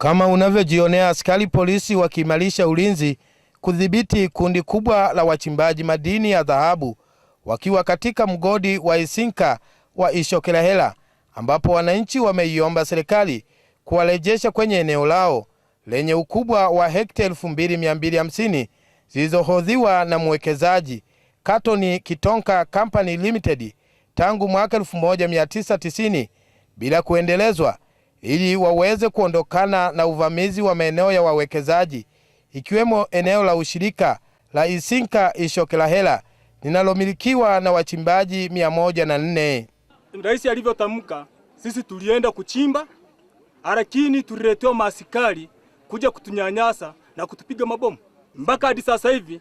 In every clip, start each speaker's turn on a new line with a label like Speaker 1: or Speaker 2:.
Speaker 1: Kama unavyojionea, askari polisi wakiimarisha ulinzi kudhibiti kundi kubwa la wachimbaji madini ya dhahabu wakiwa katika mgodi wa Isinka wa Ishokelahela, ambapo wananchi wameiomba serikali kuwarejesha kwenye eneo lao lenye ukubwa wa hekta 2250 zilizohodhiwa na mwekezaji Katoni Kitonka Company Limited tangu mwaka 1990 bila kuendelezwa ili waweze kuondokana na uvamizi wa maeneo ya wawekezaji ikiwemo eneo la ushirika la Isinka Ishokelahela linalomilikiwa na wachimbaji mia moja na nne.
Speaker 2: Rais alivyotamka, sisi tulienda kuchimba, lakini tuliletewa maasikari kuja kutunyanyasa na kutupiga mabomu. Mpaka hadi sasa hivi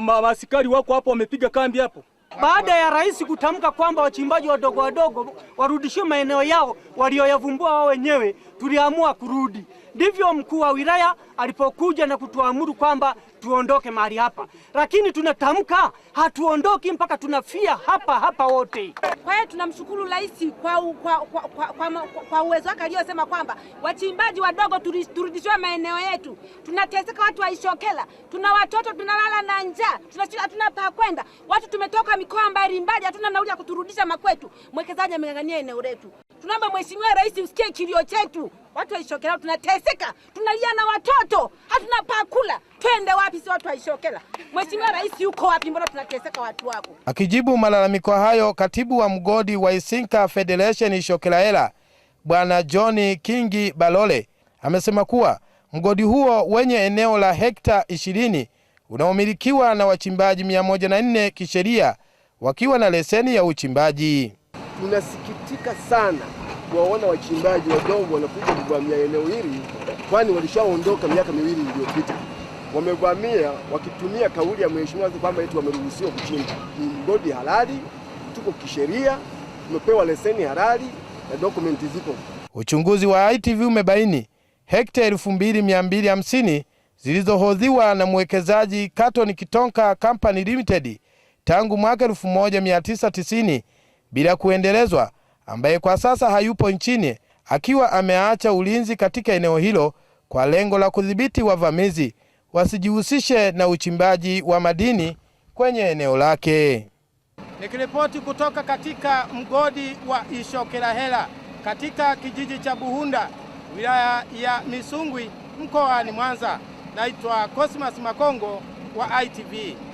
Speaker 2: maasikari wako hapo, wamepiga kambi hapo
Speaker 3: baada ya rais kutamka kwamba wachimbaji wadogo wadogo warudishiwe maeneo yao walioyavumbua wao wenyewe tuliamua kurudi. Ndivyo mkuu wa wilaya alipokuja na kutuamuru kwamba tuondoke mahali hapa, lakini tunatamka hatuondoki mpaka tunafia hapa hapa wote.
Speaker 4: Kwa hiyo tunamshukuru rais kwa, kwa, kwa, kwa, kwa, kwa, kwa uwezo wake aliyosema kwamba wachimbaji wadogo turudishiwe maeneo yetu. Tunateseka, watu waishokela, tuna watoto tunalala na njaa, hatuna pa kwenda, watu tumetoka mikoa mbalimbali, hatuna nauli ya kuturudisha makwetu. Mwekezaji ameng'ang'ania eneo letu. Tunaomba mheshimiwa rais usikie kilio chetu watu wa Ishokela tunateseka, tunalia na watoto, hatuna pa kula, twende wapi? Si watu wa Ishokela? Mheshimiwa Rais yuko wapi? Mbona tunateseka watu wako?
Speaker 1: Akijibu malalamiko hayo, katibu wa mgodi wa Isinka Federation hela Bwana John Kingi Balole amesema kuwa mgodi huo wenye eneo la hekta 20 unaomilikiwa na wachimbaji 104 kisheria wakiwa na leseni ya uchimbaji.
Speaker 5: Tunasikitika sana kuwaona wachimbaji wadogo wanakuja kuvamia eneo hili, kwani walishaondoka miaka miwili iliyopita. Wamevamia wakitumia kauli ya mheshimiwa kwamba eti wameruhusiwa kuchimba. Ni mgodi halali, tuko kisheria, tumepewa leseni halali na dokumenti zipo.
Speaker 1: Uchunguzi wa ITV umebaini hekta elfu mbili mia mbili hamsini zilizohodhiwa na mwekezaji katoni Kitonka Company Limited tangu mwaka 1990 bila kuendelezwa ambaye kwa sasa hayupo nchini akiwa ameacha ulinzi katika eneo hilo kwa lengo la kudhibiti wavamizi wasijihusishe na uchimbaji wa madini kwenye eneo lake.
Speaker 6: Nikiripoti kutoka katika mgodi wa Ishokelahela katika kijiji cha Buhunda wilaya ya Misungwi mkoani Mwanza, naitwa Cosmas Makongo wa ITV.